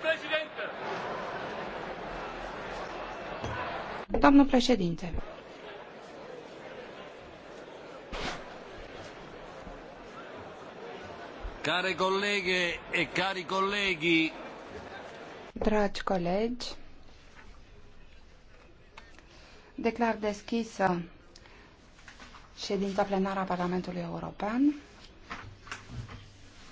președinte! Doamnă președinte! Care colleghe e cari colleghi, Dragi colegi, declar deschisă ședința plenară a Parlamentului European.